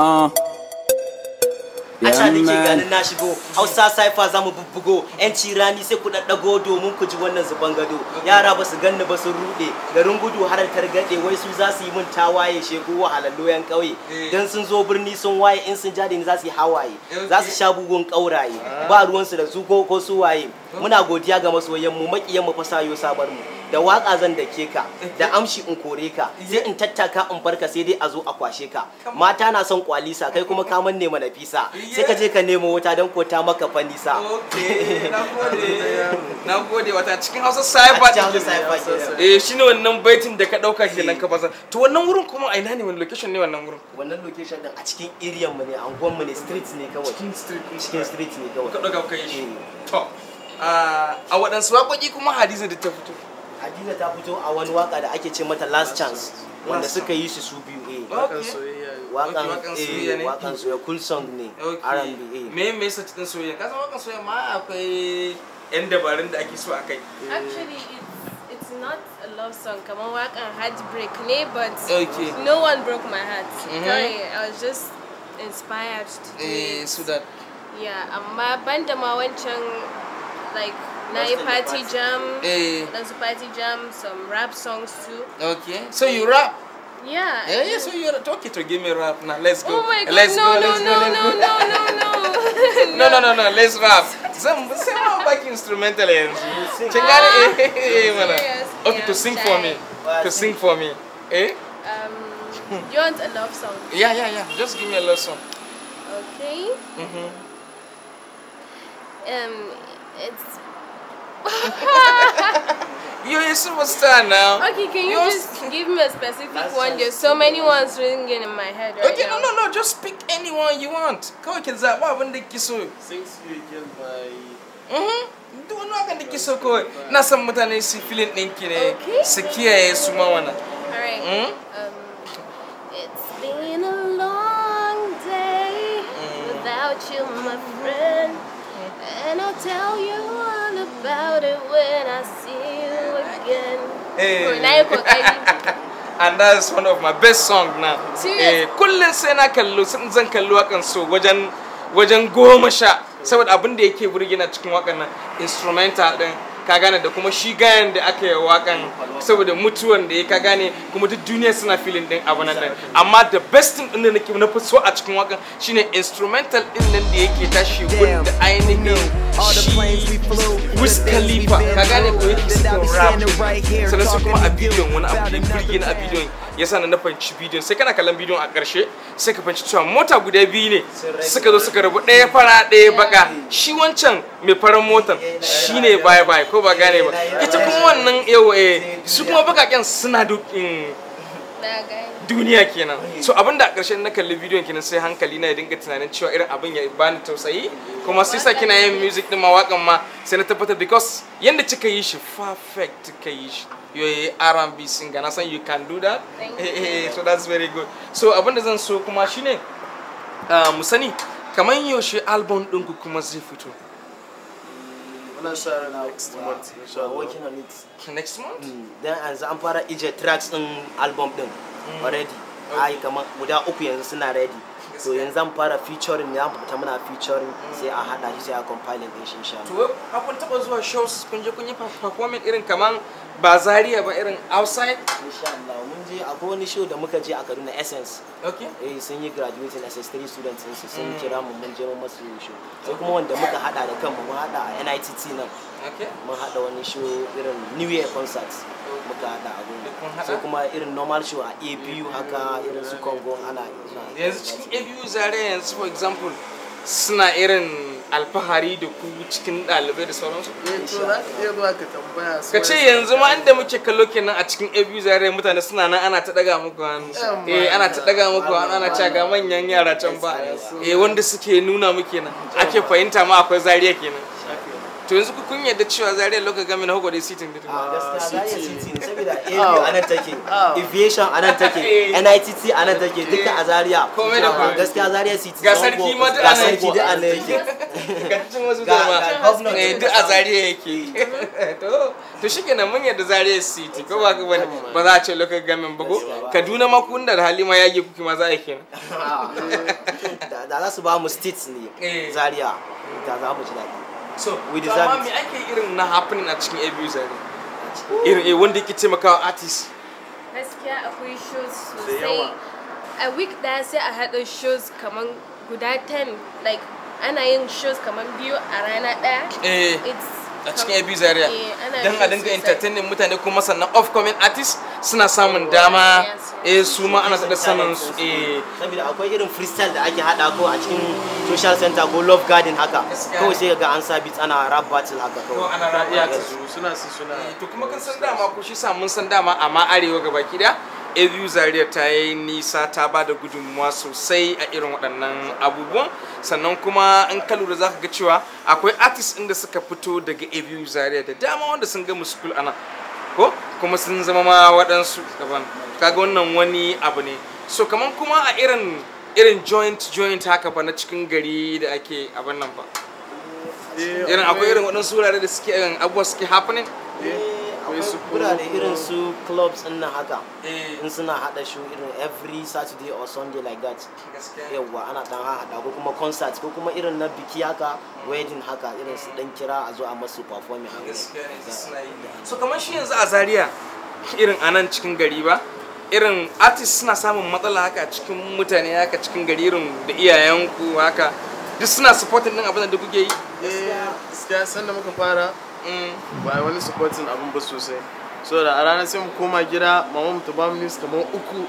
Uh. a can ke ganin na shigo hausa saifa za mu bubbugo yanci rani sai ku ɗaɗɗago domin ku ji wannan zuban gado yara ba su ganni ba sun rude garin gudu har targaɗe wai su za su yi min tawaye shegu wahalallo yan ƙauye eh. don sun zo birni sun waye in sun ja da ni za su yi hawaye eh, za su sha bugun ƙauraye ah. ba ruwansu da zugo ko su waye muna godiya ga masoyan mu makiyan mu fasayo sabar mu da waka zan ke ka da amshi in kore ka sai in tattaka in barka sai dai a zo a kwashe ka mata na son kwalisa kai kuma ka manne mana fisa sai ka je ka nemo wuta don ko ta maka fanisa na gode wata cikin hausa saifa eh shine wannan baitin da ka dauka kenan ka baza to wannan wurin kuma a ina ne wani location ne wannan wurin wannan location din a cikin area mu ne anguwan mu ne street ne kawai cikin street ne kawai ka dauka kai shi eh. to a waɗansu waƙoƙi kuma hadiza da ta fito hadiza ta fito a wani waka da ake ce mata last chance wanda suka yi shi su biyu eh. a wakan soyayya ne wakan eh, soyayya cool song ne R&B eh. me me yasa cikin soyayya ka san wakan soyayya ma akwai yan dabarun da ake so kai. actually it's not a love song kamar wakan heartbreak ne but no one broke my heart mhm. I was just inspired to do eh, it so that yeah amma banda ma wancan like Naye Party Jam, Dance eh. Party Jam, some rap songs too. Okay, so you rap? Yeah. Yeah, yeah so you're talking to give me rap now. Let's go. Oh my god, let's no, go, no, let's no, go, no, no, no, no, no, no, no, no, let's rap. Some, some back instrumental and you sing. ah, eh, eh, eh Okay, to sing for me. To sing for me. Eh? Um, you want a love song? Yeah, yeah, yeah. Just give me a love song. Okay. Mm-hmm. Um, it's. You're a superstar now. Okay, can you You're... just give me a specific one? There's so many ones ringing in my head right Okay, now. no, no, no. Just pick anyone you want. Go, Kenza. Why wouldn't they kiss you? Since you by. Mm-hmm. Do not wakan da na san mutane su filin ne su kiyaye su ma wannan It's been a long day mm. without you, my friend. And I'll tell you all about it when I see you again. Hey. and that's one of my best songs now. Serious? Eh, kullum sai na kallo zan kallo wakan so wajen wajen goma sha saboda abin da yake na cikin wakan nan instrumental din ka gane da kuma shi gayan da aka yi wakan saboda mutuwan da ya ka gane kuma duk duniya suna filin din abu nan din amma the best thing din da nake na so a cikin wakan shine instrumental din nan da yake tashi gun da ainihin shi Wiz Khalifa ka gane ko yake suka rap sannan su kuma a bidiyon wani abu da ya na a bidiyon yasa na na fahimci bidiyon sai kana kallon bidiyon a ƙarshe sai ka fahimci cewa mota guda biyu ne suka zo suka rabu ɗaya fara ɗaya baka shi wancan mai faran motan ne bai bai ko ba gane ba ita kuma wannan yau eh, su kuma bakaken suna mm, duniya kenan so abin da a ƙarshe na kalli bidiyon kenan sai hankali na ya dinga tunanin cewa irin abin ya bani tausayi kuma sai sa kina yin music din mawakan ma sai na tabbatar because yanda kika yi shi perfect kika yi shi yoyi R&B singer na san you can do that so that's very good so abin da zan so kuma shine ah, mu sani kamar yaushe album ɗinku kuma zai fito muna sa next month working on it next month dan an fara ije tracks din album din hmm. already ai kamar guda uku yanzu suna ready so yanzu zan fara featuring ya fita muna featuring sai a hada shi sai a compiling din shi insha Allah to kun taba zuwa shows kun je kun yi performing irin kaman ba zaria ba irin outside insha Allah mun je akwai wani show da muka je a Kaduna Essence okay eh sun yi graduating as three students sun sun mm. kira mu mun je mun masu show sai kuma wanda muka hada da kanmu mun hada a NITT nan mun haɗa wani show irin new year concert muka haɗa abu sai kuma irin normal show a abu haka irin su congo ana yanzu cikin abu zare yanzu for example suna irin alfahari da ku cikin ɗalibai da sauransu? Eh, ka su ka ce yanzu ma inda muke kallo kenan a cikin abu zare mutane suna nan ana ta daga muku hannu eh ana ta daga muku hannu ana cewa ga manyan yara can ba eh wanda suke nuna muke nan ake fahimta ma akwai zariya kenan to yanzu ku kun yadda cewa zaria local government hako dai sitin din a ah, gaskiya ah, zaria sitin saboda AU ah. anan take aviation anan take eh. NITT anan take dukkan a zaria komai da komai gaskiya zaria sitin ga sarki ma duk anan yake ga anan eh, yake ga cikin wasu dama eh duk a zaria yake to to shikenan mun yadda zaria sitin ko ba ba ba za a ce local government ba ko Kaduna ma kun da Halima yage kuke ma za a kenan da za su ba mu states ne eh. zaria da za mu ji daɗi so we deserve amma me ake irin na happening a cikin abu zare irin eh, wanda yake taimakawa artist gaskiya akwai shows sosai a week daya sai a haɗa shows kamar guda 10 like ana yin shows kamar biyu a rana ɗaya eh a cikin abu zare eh, dan a dinga entertaining mutane kuma sannan off coming artist suna samun dama eh su ma ana da sanin su eh saboda akwai irin freestyle da ake hada ko a cikin social center ko love garden haka kawai sai ga an sa beat ana rap battle haka kawai ana radiya su suna su suna eh, to kuma kan san dama ko shi sa mun san dama amma arewa gabaki daya abu zaria ta yi nisa ta ba da gudunmuwa sosai a irin waɗannan abubuwan sannan kuma in ka lura za ka ga cewa akwai artist inda suka fito daga abu zaria da dama wanda sun ga muskul ana ko kuma sun zama ma waɗansu daban kaga wannan wani abu ne so kaman kuma a irin irin joint joint haka fa na cikin gari da ake abin nan fa eh, irin akwai irin waɗansu wurare da suke irin abubuwa suke happening eh, wurare su clubs din haka eh. in suna hada shi irin every saturday or sunday like that yawa ana dan hada ko kuma concert ko kuma irin na biki haka wedding haka irin su dan kira a zo a masu performing haka so kamar shi yanzu a zaria irin anan cikin gari ba irin artist suna samun matsala haka cikin mutane haka cikin gari irin da iyayenku haka duk suna supporting din abin da kuke yi gaskiya san da muka fara mm. ba wani supporting abin ba sosai so da a ranar sai mu koma gida mama mu ta ba mu kamar uku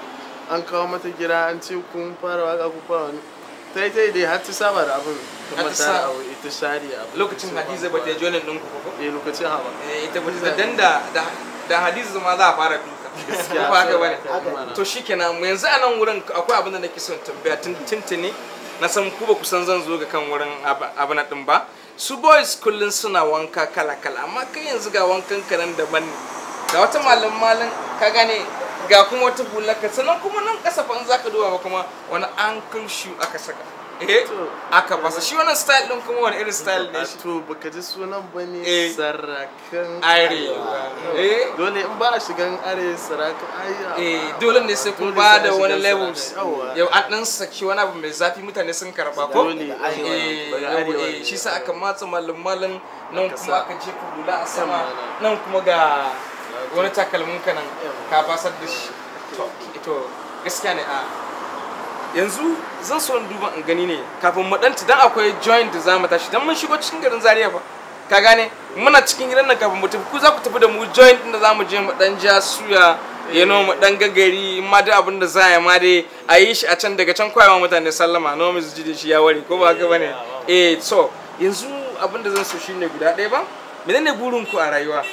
an kawo mata gida an ce kun fara waka ku fara wani tai yi dai har ta saba da abin kuma ta aure ita shari abin lokacin hadiza ba ta jonin ɗin kuka eh lokacin hawa eh ita ba ta dan da da hadiza ma za a fara duka gaskiya ba haka bane to shikenan mu yanzu a nan wurin akwai abin da nake son tambaya tuntuni na san ku ba ku san zan zo ga kan wurin abin din ba su boys kullun suna wanka kala kala amma kai yanzu ga wankan kanan daban ne ga wata malam malam ka gane ga kuma wata hulaka sannan kuma nan kasafan ka duba ba kuma wani ankle shoe aka saka eh aka fasa shi wannan style din kuma wani irin style ne shi to baka ji sunan ba ne eh, sarakan arewa eh dole in ba a shigan are sarakan arewa eh dole ne sai kun ba da wani levels yau a dan saki wani abu mai zafi mutane sun karba ko dole eh, eh shi sa aka matsa mallan mallan nan kuma aka jefa hula a sama nan kuma ga wani takalmin ka nan ka basar da shi to gaskiya ne a yanzu zan so in duba in gani ne kafin mu danta dan akwai joint da za mu tashi dan mun shigo cikin garin Zaria fa ka gane muna cikin gidan nan kafin mu tafi ku za ku tafi da mu joint din da za mu je mu dan ja suya ya noma dan gagari ma da abin da za a yi ma dai a yi shi a can daga can kwayawa mutane sallama no mu ji da shi ya ware ko ba haka bane eh so yanzu abin da zan so shine guda ɗaya ba menene burin ku a rayuwa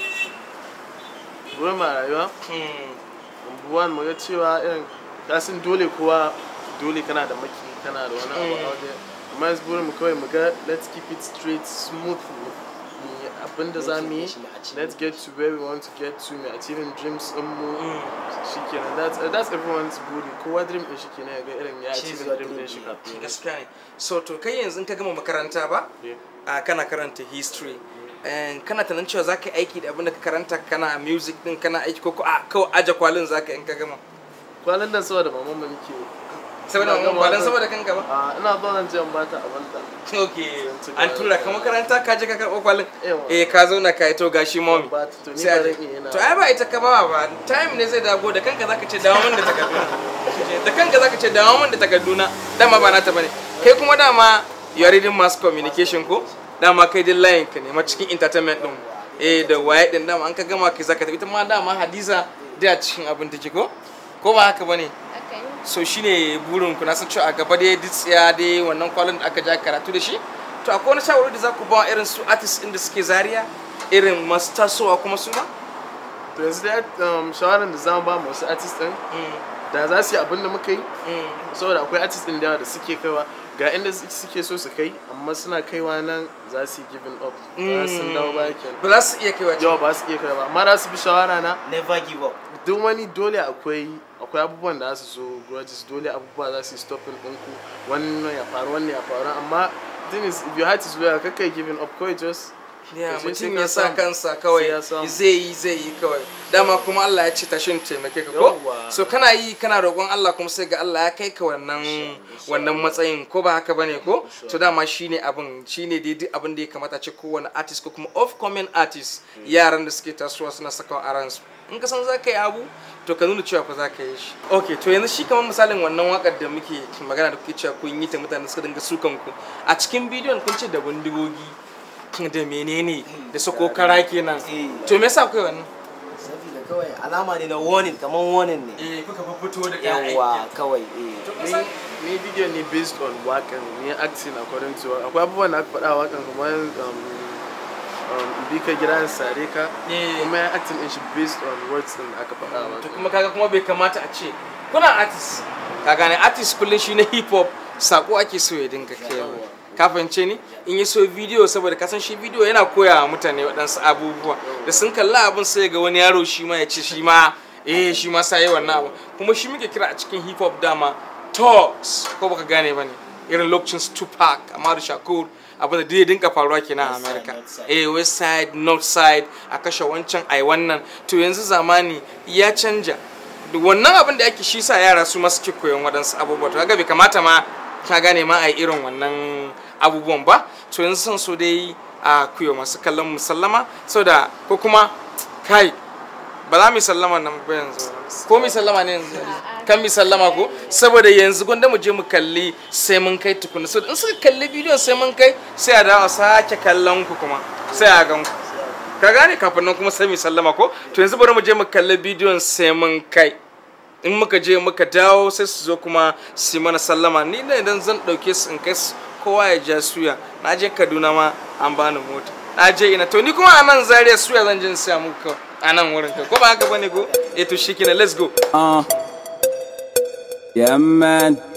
roma rayuwa hmm. buwan mu ga cewa irin kasin dole kowa dole kana da maki kana da wani abu a hmm. waje amma yanzu burin mu kawai mu ga let's keep it straight smooth abin da za mu yi let's get to where we want to get to me achieving dreams din mu hmm. shi kenan that's, that's everyone's buri kowa dream din shi kenan ya ga irin ya achieving dream din shi kafin gaskiya ne so to kai yanzu ka gama makaranta ba kana karanta history Eh, kana tunanin cewa za ka yi aiki da abin da ka karanta kana music din kana aiki ko a kawai aje kwalin za ka in ka gama kwalin nan saboda maman mu muke saboda maman kwalin saboda kan gaba ah, ina zo zan je in bata abin da ok an tura ka makaranta ka je ka karɓo kwalin eh ka zauna ka yi to gashi mami sai to ai ba ita ka ba ba time ne zai dago da kanka ka ce dawo min da takarduna da kanka ka ce dawo mun da takarduna dama ba na ta bane kai kuma dama you are reading mass communication ko dama kai dai layin ka nema cikin entertainment din eh da waye din dama an ka gama kai zaka tafi ita ma dama hadiza da cikin abin take ko ko ba haka bane so shine burin ku na san cewa a gaba dai ditsiya dai wannan kwalin da aka ja karatu da shi to akwai wani shawarar da za ku ba irin su artist din da suke zaria irin masu tasowa kuma su ba to yanzu da um, shawarar da za mu ba masu artist din hmm. da za su yi abin da muka yi eh. saboda akwai artist din da suke kaiwa ga inda suke so su kai amma suna kaiwa nan za su yi giving up ba su mm. dawo ba kenan. ba za su iya kaiwa yau ba su iya kaiwa amma za su bi shawara na never give up duk wani dole akwai akwai abubuwan da za su zo grudges dole abubuwa za su yi stopping ɗinku wannan ya faru wannan ya faru amma the is if your heart is loyal kakai giving up kawai just mutum ya sa kansa kawai zai yi zai yi kawai dama kuma Allah ya ci tashin taimake ka ko so kana yi kana roƙon Allah kuma sai ga Allah ya kai ka wannan wannan matsayin ko ba haka bane ko to dama shine abin shine dai duk abin da ya kamata ce kowane artist ko kuma of common artist mm. yaran da suke tasowa suna saka aran su in ka san za yi abu to ka nuna cewa fa za yi shi ok to yanzu shi kamar misalin wannan wakar da muke magana da kuke cewa kun yi ta mutane suka dinga sukan ku a cikin bidiyon kun ce da bindigogi da menene da su kokara kenan eh. to me yasa kai wannan saboda kawai alama ne na warning kaman warning ne eh kuka fito da yawa kawai eh me video ne based on wakan ne acting according to akwai abubuwan da aka faɗa wakan kamar um, um, bika ka gida in sare ka eh. kuma ya acting din shi based on words din aka faɗa wakan to kuma kaga kuma bai kamata a ce kuna artist ka gane artist kullun shi na hip hop sako ake so ya dinga kai kafin ce ni in yi so bidiyo saboda ka shi bidiyo yana koya wa mutane waɗansu abubuwa da sun kalla abin sai ga wani yaro shi ma ya ce shi ma eh shi ma sai wannan abu kuma shi muke kira a cikin hip hop dama talks ko baka gane ba ne irin lokacin Tupac Amadu Shakur abin da dai dinka faruwa kenan a America eh west side north side a kashe wancan ai wannan to yanzu zamani ya canja wannan abin da ake shi sa yara su ma suke koyon waɗansu abubuwa to kaga bai kamata ma ka gane ma a irin wannan abubuwan ba to yanzu son so dai a kuyo masu kallon musallama so da ko kuma kai ba za mu sallama nan ba yanzu ko mu sallama ne yanzu kan mu sallama ko saboda yanzu gwanda mu je mu kalli sai mun kai tukuna so in suka kalli bidiyo sai mun kai sai a dawo sake kallon ku kuma sai a gan ku ka gane kafin nan kuma sai mu sallama ko to yanzu bari mu je mu kalli bidiyon sai mun kai in muka je muka dawo sai su zo kuma su mana sallama ni da idan zan ɗauke su in kai kowa ya ja suya na je kaduna ma an bani mota na je ina to ni kuma a nan zariya suya zan je siya muku a nan wurin ka ko ba haka bane ko eh to shikenan let's go uh, yeah man